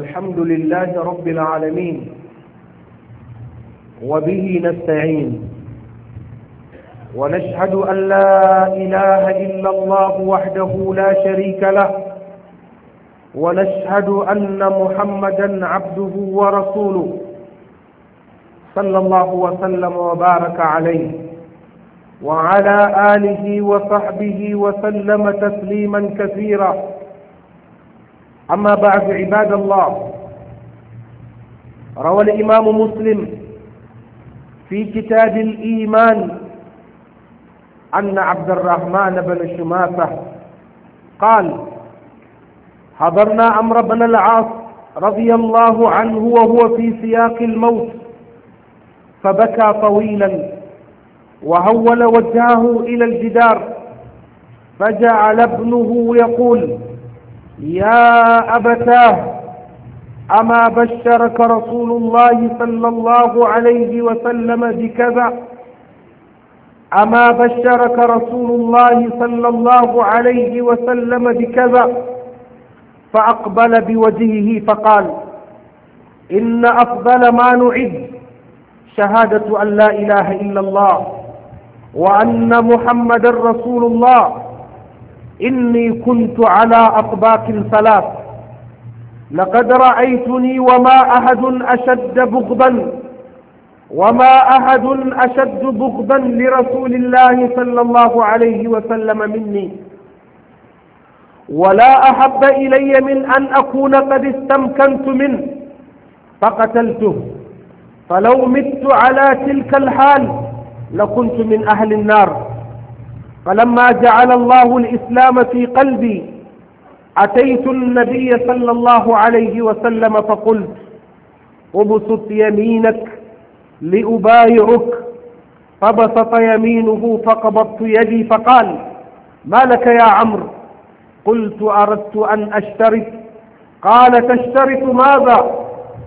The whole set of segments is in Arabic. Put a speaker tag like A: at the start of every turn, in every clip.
A: الحمد لله رب العالمين وبه نستعين ونشهد أن لا إله إلا الله وحده لا شريك له ونشهد أن محمدا عبده ورسوله صلى الله وسلم وبارك عليه وعلى آله وصحبه وسلم تسليما كثيرا أما بعد عباد الله روى الإمام مسلم في كتاب الإيمان أن عبد الرحمن بن شماسة قال حضرنا أمر بن العاص رضي الله عنه وهو في سياق الموت فبكى طويلا وهول وجهه إلى الجدار فجعل ابنه يقول يا أبتاه أما بشرك رسول الله صلى الله عليه وسلم بكذا أما بشرك رسول الله صلى الله عليه وسلم بكذا فأقبل بوجهه فقال إن أفضل ما نعد شهادة أن لا إله إلا الله وأن محمد رسول الله إني كنت على أطباق ثلاث لقد رأيتني وما أحد أشد بغضا وما أحد أشد بغضا لرسول الله صلى الله عليه وسلم مني ولا أحب إلي من أن أكون قد استمكنت منه فقتلته فلو مت على تلك الحال لكنت من أهل النار فلما جعل الله الإسلام في قلبي أتيت النبي صلى الله عليه وسلم فقلت ابسط يمينك لأبايعك فبسط يمينه فقبضت يدي فقال ما لك يا عمرو قلت أردت أن أشترك قال تشترك ماذا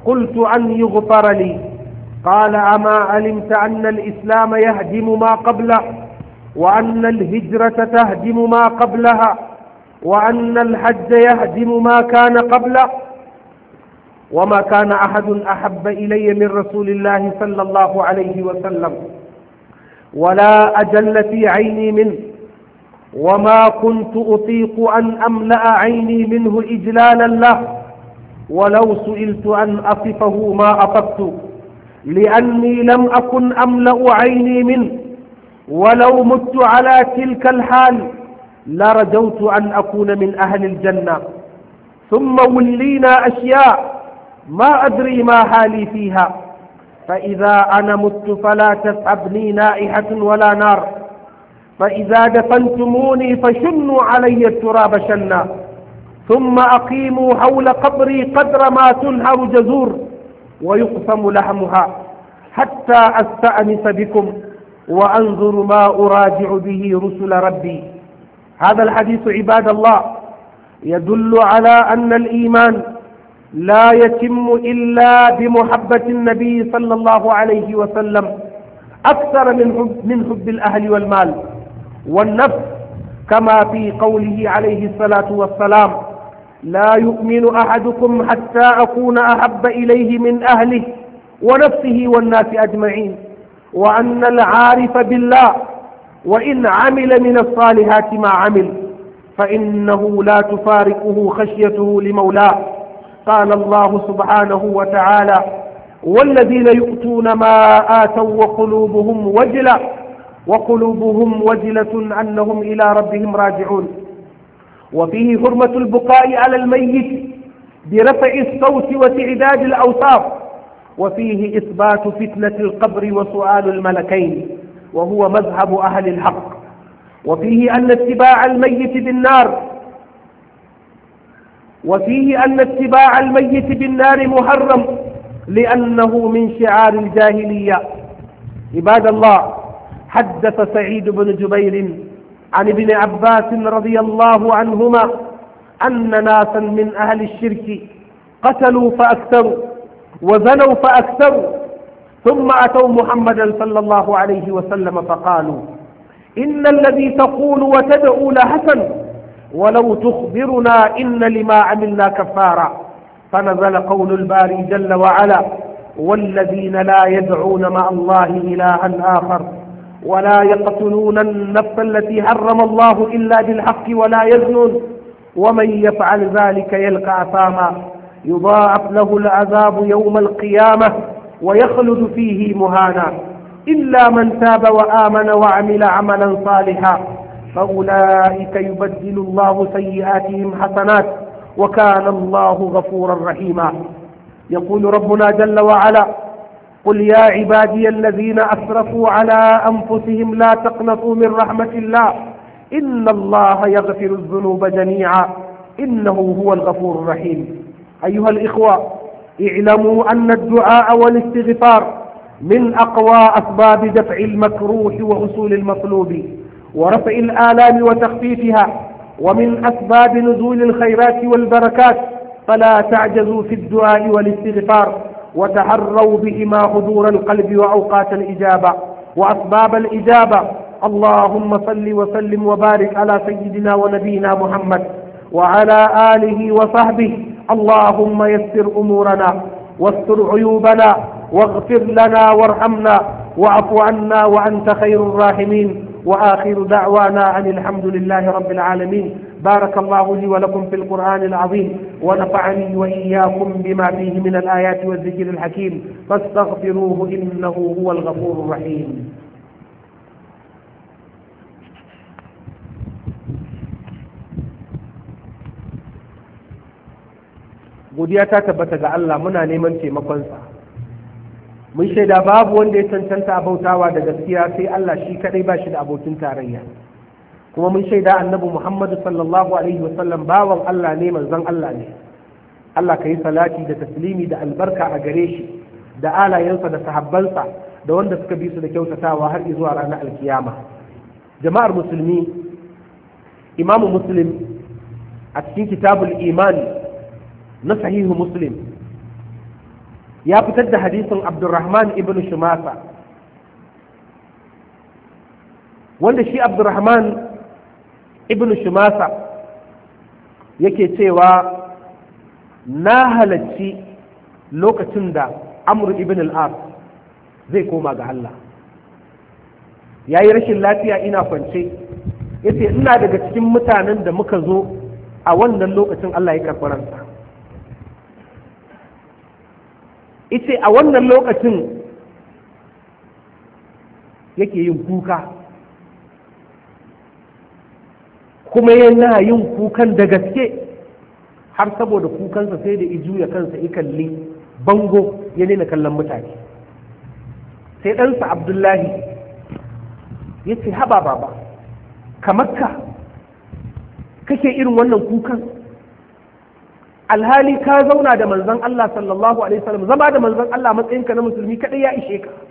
A: قلت أن يغفر لي قال أما علمت أن الإسلام يهدم ما قبله وأن الهجرة تهدم ما قبلها وأن الحج يهدم ما كان قبله وما كان أحد أحب إلي من رسول الله صلى الله عليه وسلم ولا أجل في عيني منه وما كنت أطيق أن أملأ عيني منه إجلالا له ولو سئلت أن أصفه ما أطفت لأني لم أكن أملأ عيني منه ولو مت على تلك الحال لرجوت أن أكون من أهل الجنة ثم ولينا أشياء ما أدري ما حالي فيها فإذا أنا مت فلا تسعبني نائحة ولا نار فإذا دفنتموني فشنوا علي التراب شنا ثم أقيموا حول قبري قدر ما تنهر جزور ويقسم لحمها حتى أستأنس بكم وأنظر ما أراجع به رسل ربي هذا الحديث عباد الله يدل على أن الإيمان لا يتم إلا بمحبة النبي صلى الله عليه وسلم أكثر من حب, من حب الأهل والمال والنفس كما في قوله عليه الصلاة والسلام لا يؤمن أحدكم حتى أكون أحب إليه من أهله ونفسه والناس أجمعين وأن العارف بالله وإن عمل من الصالحات ما عمل فإنه لا تفارقه خشيته لمولاه قال الله سبحانه وتعالى والذين يؤتون ما آتوا وقلوبهم وجلة وقلوبهم وجلة أنهم إلى ربهم راجعون وفيه حرمة البقاء على الميت برفع الصوت وتعداد الأوصاف وفيه إثبات فتنة القبر وسؤال الملكين وهو مذهب أهل الحق وفيه أن اتباع الميت بالنار وفيه أن اتباع الميت بالنار محرم لأنه من شعار الجاهلية عباد الله حدث سعيد بن جبير عن ابن عباس رضي الله عنهما أن ناسا من أهل الشرك قتلوا فأكثروا وزنوا فأكثروا ثم أتوا محمدا صلى الله عليه وسلم فقالوا إن الذي تقول وتدعو لحسن ولو تخبرنا إن لما عملنا كفارا فنزل قول الباري جل وعلا والذين لا يدعون مع الله إلها آخر ولا يقتلون النفس التي حرم الله إلا بالحق ولا يزنون ومن يفعل ذلك يلقى أثاما يضاعف له العذاب يوم القيامة ويخلد فيه مهانا إلا من تاب وآمن وعمل عملا صالحا فأولئك يبدل الله سيئاتهم حسنات وكان الله غفورا رحيما يقول ربنا جل وعلا قل يا عبادي الذين أسرفوا على أنفسهم لا تقنطوا من رحمة الله إن الله يغفر الذنوب جميعا إنه هو الغفور الرحيم أيها الإخوة اعلموا أن الدعاء والاستغفار من أقوى أسباب دفع المكروه وأصول المطلوب ورفع الآلام وتخفيفها ومن أسباب نزول الخيرات والبركات فلا تعجزوا في الدعاء والاستغفار وتحروا بهما حضور القلب وأوقات الإجابة وأسباب الإجابة اللهم صل وسلم وبارك على سيدنا ونبينا محمد وعلى آله وصحبه اللهم يسر أمورنا واستر عيوبنا واغفر لنا وارحمنا واعف عنا وأنت خير الراحمين وآخر دعوانا أن الحمد لله رب العالمين بارك الله لي ولكم في القرآن العظيم ونفعني وإياكم بما فيه من الآيات والذكر الحكيم فاستغفروه إنه هو الغفور الرحيم godiya ta tabbata ga Allah muna neman taimakonsa mun shaida babu wanda ya cancanta a bautawa da gaskiya sai Allah shi kaɗai ba shi da abokin tarayya kuma mun shaida annabi Muhammadu sallallahu alaihi wasallam bawan Allah ne manzon Allah ne Allah ka yi salati da taslimi da albarka a gare shi da alayensa da sahabbansa da wanda suka bi su da kyautatawa har zuwa ranar alkiyama jama'ar musulmi imamu muslim a cikin kitabul imani na sahihu muslim ya fitar da hadisin abdurrahman ibn shumasa wanda shi abdurrahman ibn shumasa yake cewa na halarci lokacin da amur ibn al'ar zai koma ga Allah ya yi rashin lafiya ina kwance ya ce ina daga cikin mutanen da muka zo a wannan lokacin Allah ya karɓaransa ice a wannan lokacin yake yin kuka kuma yana yin kukan da gaske har saboda kukansa sai da iju ya kansa ikalli bango ya nuna kallon mutane sai ɗansa abdullahi ya ce haba baba kamar ka kake irin wannan kukan alhali ka zauna da manzon Allah sallallahu alaihi wasallam zama da manzon Allah matsayinka na musulmi kadai ya ishe ka